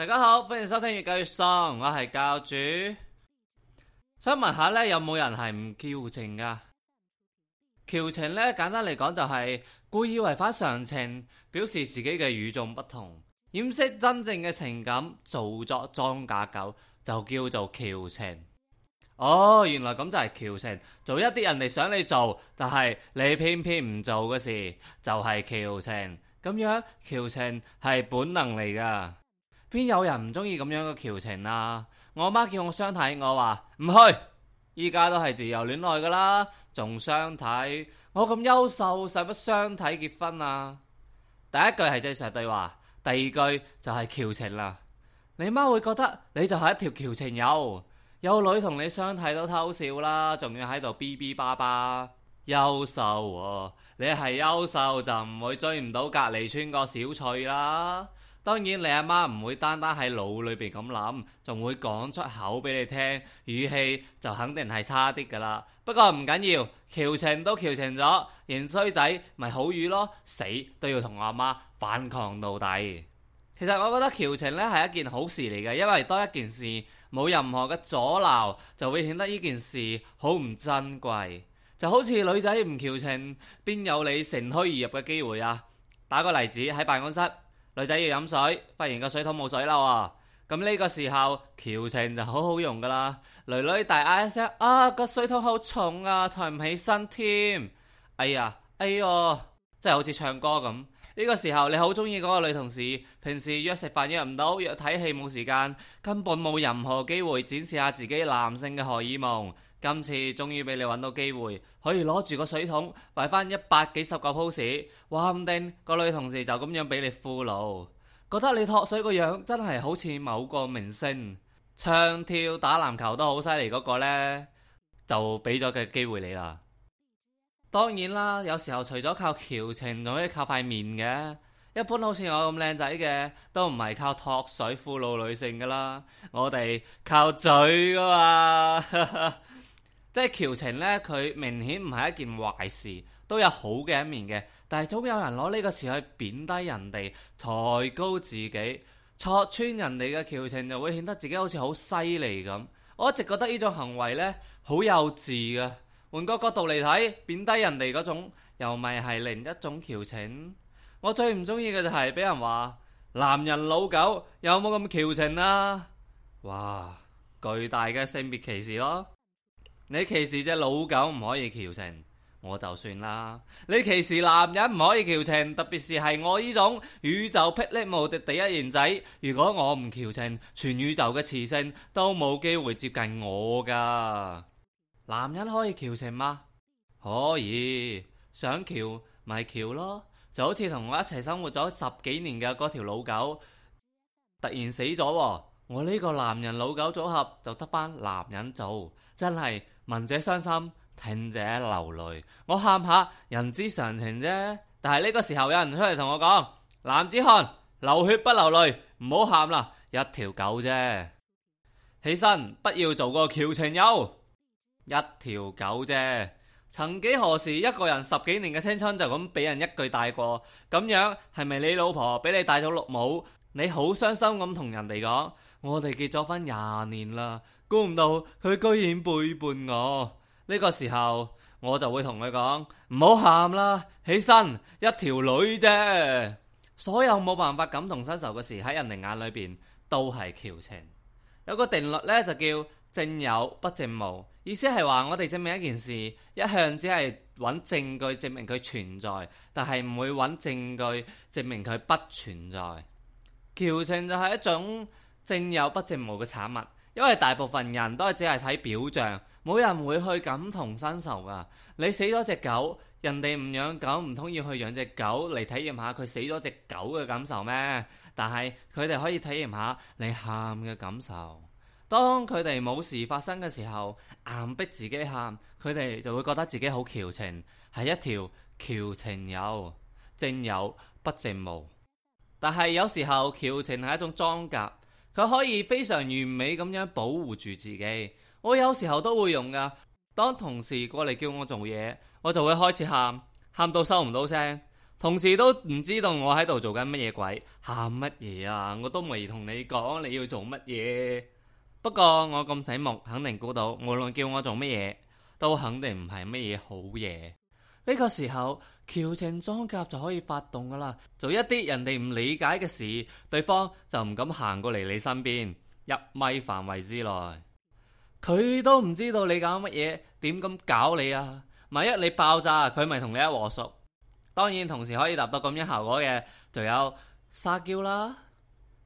大家好，歡迎收聽越教越鬆。我係教主，想問下咧，有冇人係唔矯情噶？矯情咧，簡單嚟講就係故意違反常情，表示自己嘅與眾不同，掩飾真正嘅情感，做作裝假狗，就叫做矯情。哦，原來咁就係矯情，做一啲人哋想你做，但係你偏偏唔做嘅事，就係矯情。咁樣矯情係本能嚟噶。邊有人唔中意咁樣嘅矯情啊？我媽叫我相睇，我話唔去。依家都係自由戀愛噶啦，仲相睇，我咁優秀，使乜相睇結婚啊？第一句係正常對話，第二句就係矯情啦、啊。你媽會覺得你就係一條矯情友，有女同你相睇都偷笑啦，仲要喺度嗶嗶巴巴。優秀、啊，你係優秀就唔會追唔到隔籬村個小翠啦。當然，你阿媽唔會單單喺腦裏邊咁諗，仲會講出口俾你聽，語氣就肯定係差啲噶啦。不過唔緊要，矯情都矯情咗，型衰仔咪好語咯，死都要同阿媽反抗到底。其實我覺得矯情呢係一件好事嚟嘅，因為多一件事冇任何嘅阻撓，就會顯得呢件事好唔珍貴。就好似女仔唔矯情，邊有你乘虛而入嘅機會啊？打個例子，喺辦公室。女仔要飲水，發現個水桶冇水啦喎，咁呢個時候矯情就好好用噶啦。女女大嗌一聲啊，個水桶好重啊，抬唔起身添。哎呀，哎喲，真係好似唱歌咁。呢個時候你好中意嗰個女同事，平時約食飯約唔到，約睇戲冇時間，根本冇任何機會展示下自己男性嘅荷爾蒙。今次終於俾你揾到機會，可以攞住個水桶，擺返一百幾十個 pose，話唔定個女同事就咁樣俾你俘虜，覺得你托水個樣真係好似某個明星，唱跳打籃球都好犀利嗰個呢，就俾咗個機會你啦。當然啦，有時候除咗靠矯情，仲可以靠塊面嘅。一般好似我咁靚仔嘅，都唔係靠托水俘虜女性噶啦，我哋靠嘴噶嘛。 即係矯情呢，佢明顯唔係一件壞事，都有好嘅一面嘅。但係總有人攞呢個詞去貶低人哋，抬高自己，戳穿人哋嘅矯情，就會顯得自己好似好犀利咁。我一直覺得呢種行為呢，好幼稚㗎。換個角度嚟睇，貶低人哋嗰種又咪係另一種矯情。我最唔中意嘅就係俾人話男人老狗有冇咁矯情啊？哇！巨大嘅性別歧視咯～你歧視隻老狗唔可以矯情，我就算啦。你歧視男人唔可以矯情，特別是係我呢種宇宙霹靂無敵第一型仔。如果我唔矯情，全宇宙嘅雌性都冇機會接近我噶。男人可以矯情嗎？可以，想矯咪矯咯。就好似同我一齊生活咗十幾年嘅嗰條老狗，突然死咗。我呢個男人老狗組合就得返男人做，真係。聞者傷心，聽者流淚，我喊下人之常情啫。但係呢個時候有人出嚟同我講，男子漢流血不流淚，唔好喊啦，一條狗啫。起身，不要做個矯情友，一條狗啫。曾幾何時，一個人十幾年嘅青春就咁俾人一句帶過，咁樣係咪你老婆俾你帶咗綠帽？你好傷心咁同人哋講，我哋結咗婚廿年啦。估唔到佢居然背叛我。呢個時候，我就會同佢講，唔好喊啦，起身，一條女啫。所有冇辦法感同身受嘅事，喺人哋眼裏邊都係矯情。有個定律呢，就叫正有不正無，意思係話我哋證明一件事一向只係揾證據證明佢存在，但係唔會揾證據證明佢不存在。矯情就係一種正有不正無嘅產物。因為大部分人都係只係睇表象，冇人會去感同身受噶。你死咗隻狗，人哋唔養狗，唔通要去養隻狗嚟體驗下佢死咗隻狗嘅感受咩？但係佢哋可以體驗下你喊嘅感受。當佢哋冇事發生嘅時候，硬逼自己喊，佢哋就會覺得自己好矯情，係一條矯情友，正有不正無。但係有時候矯情係一種裝甲。佢可以非常完美咁樣保護住自己，我有時候都會用噶。當同事過嚟叫我做嘢，我就會開始喊，喊到收唔到聲，同事都唔知道我喺度做緊乜嘢鬼，喊乜嘢啊？我都未同你講你要做乜嘢，不過我咁醒目，肯定估到無論叫我做乜嘢，都肯定唔係乜嘢好嘢。呢個時候。矯情裝甲就可以發動噶啦，做一啲人哋唔理解嘅事，對方就唔敢行過嚟你身邊，一米範圍之內，佢都唔知道你搞乜嘢，點咁搞你啊？萬一你爆炸，佢咪同你一鑊熟。當然，同時可以達到咁樣效果嘅，就有撒嬌啦。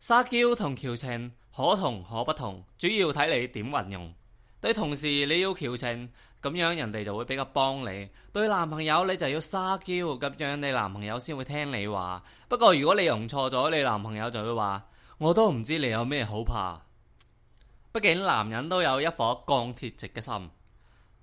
撒嬌同矯情可同可不同，主要睇你點運用。對同事你要矯情。咁樣人哋就會比較幫你，對男朋友你就要撒嬌，咁樣你男朋友先會聽你話。不過如果你用錯咗，你男朋友就會話，我都唔知你有咩好怕。畢竟男人都有一顆鋼鐵直嘅心。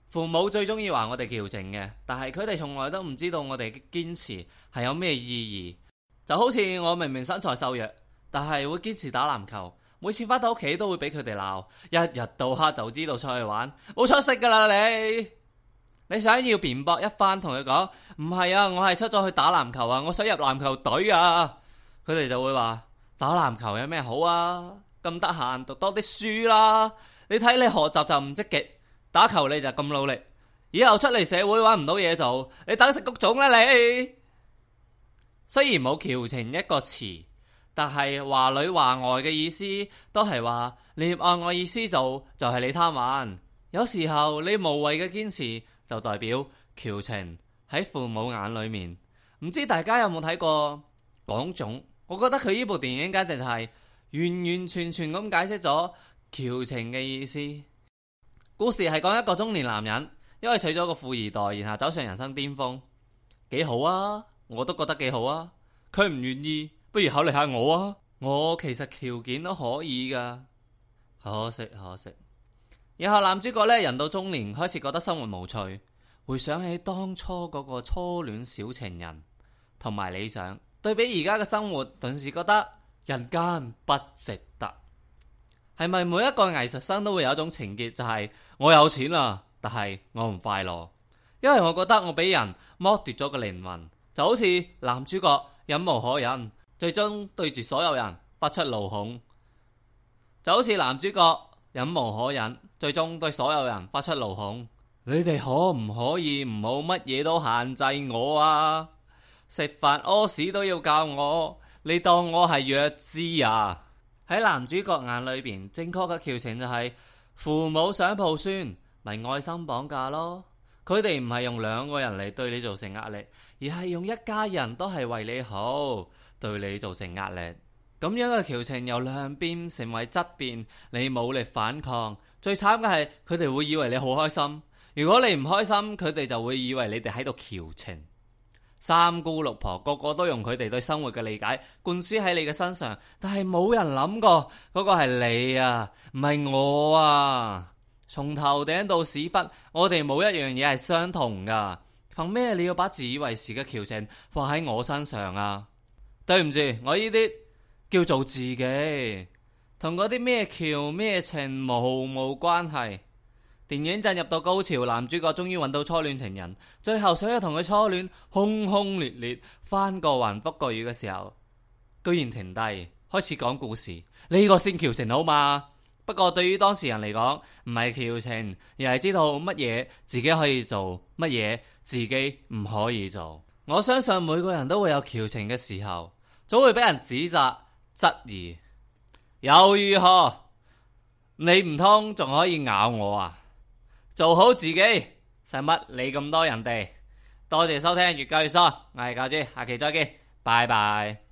父母最中意話我哋矯情嘅，但係佢哋從來都唔知道我哋嘅堅持係有咩意義。就好似我明明身材瘦弱，但係會堅持打籃球。每次返到屋企都會俾佢哋鬧，一日到黑就知道出去玩，冇出息噶啦你！你想要辯駁一番，同佢講唔係啊，我係出咗去打籃球啊，我想入籃球隊啊，佢哋就會話打籃球有咩好啊？咁得閒讀多啲書啦！你睇你學習就唔積極，打球你就咁努力，以後出嚟社會玩唔到嘢做，你等食谷種啦、啊、你！雖然冇矯情一個詞。但係話裏話外嘅意思，都係話你按我意思做，就係你貪玩。有時候你無謂嘅堅持，就代表矯情。喺父母眼裏面，唔知大家有冇睇過港囧？我覺得佢呢部電影簡直就係完完全全咁解釋咗矯情嘅意思。故事係講一個中年男人，因為娶咗個富二代，然後走上人生巔峰，幾好啊！我都覺得幾好啊！佢唔願意。不如考慮下我啊！我其實條件都可以噶，可惜可惜。然後男主角咧，人到中年開始覺得生活無趣，回想起當初嗰個初戀小情人同埋理想，對比而家嘅生活，頓時覺得人間不值得。係咪每一個藝術生都會有一種情結，就係我有錢啊，但係我唔快樂，因為我覺得我俾人剝奪咗個靈魂，就好似男主角忍無可忍。最終對住所有人發出怒吼，就好似男主角忍無可忍，最終對所有人發出怒吼：你哋可唔可以唔好乜嘢都限制我啊？食飯屙屎都要教我，你當我係弱智啊？喺男主角眼裏面，正確嘅矯情就係父母想抱孫，咪愛心綁架咯。佢哋唔係用兩個人嚟，對你造成壓力，而係用一家人都係為你好。對你造成壓力，咁樣嘅矯情由量變成為質變，你冇力反抗。最慘嘅係佢哋會以為你好開心，如果你唔開心，佢哋就會以為你哋喺度矯情。三姑六婆個個都用佢哋對生活嘅理解灌輸喺你嘅身上，但係冇人諗過嗰個係你啊，唔係我啊。從頭頂到屎忽，我哋冇一樣嘢係相同噶。憑咩你要把自以為是嘅矯情放喺我身上啊？對唔住，我呢啲叫做自己，同嗰啲咩橋咩情冇冇關係。電影進入到高潮，男主角終於揾到初戀情人，最後想同佢初戀轟轟烈烈，烈翻過雲覆過雨嘅時候，居然停低開始講故事。呢個先橋情好嘛？不過對於當事人嚟講，唔係橋情，而係知道乜嘢自己可以做，乜嘢自己唔可以做。我相信每個人都會有矯情嘅時候，總會俾人指責質疑，又如何？你唔通仲可以咬我啊？做好自己，使乜理咁多人哋？多謝收聽，越教越疏，我係教主，下期再見，拜拜。